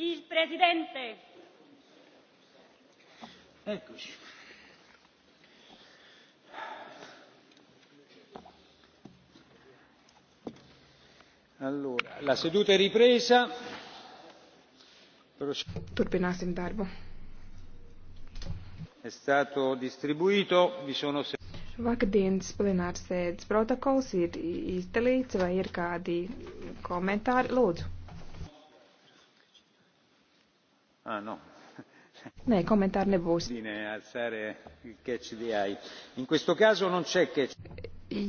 Il Presidente. Eccoci. Allora, la seduta è ripresa. Turpināsim darbu. È stato distribuito, vi sono Vakardienas plenārsēdes protokols ir izdalīts, vai ir kādi komentāri? Lūdzu. Ah, no. Nē, komentāru nebūs.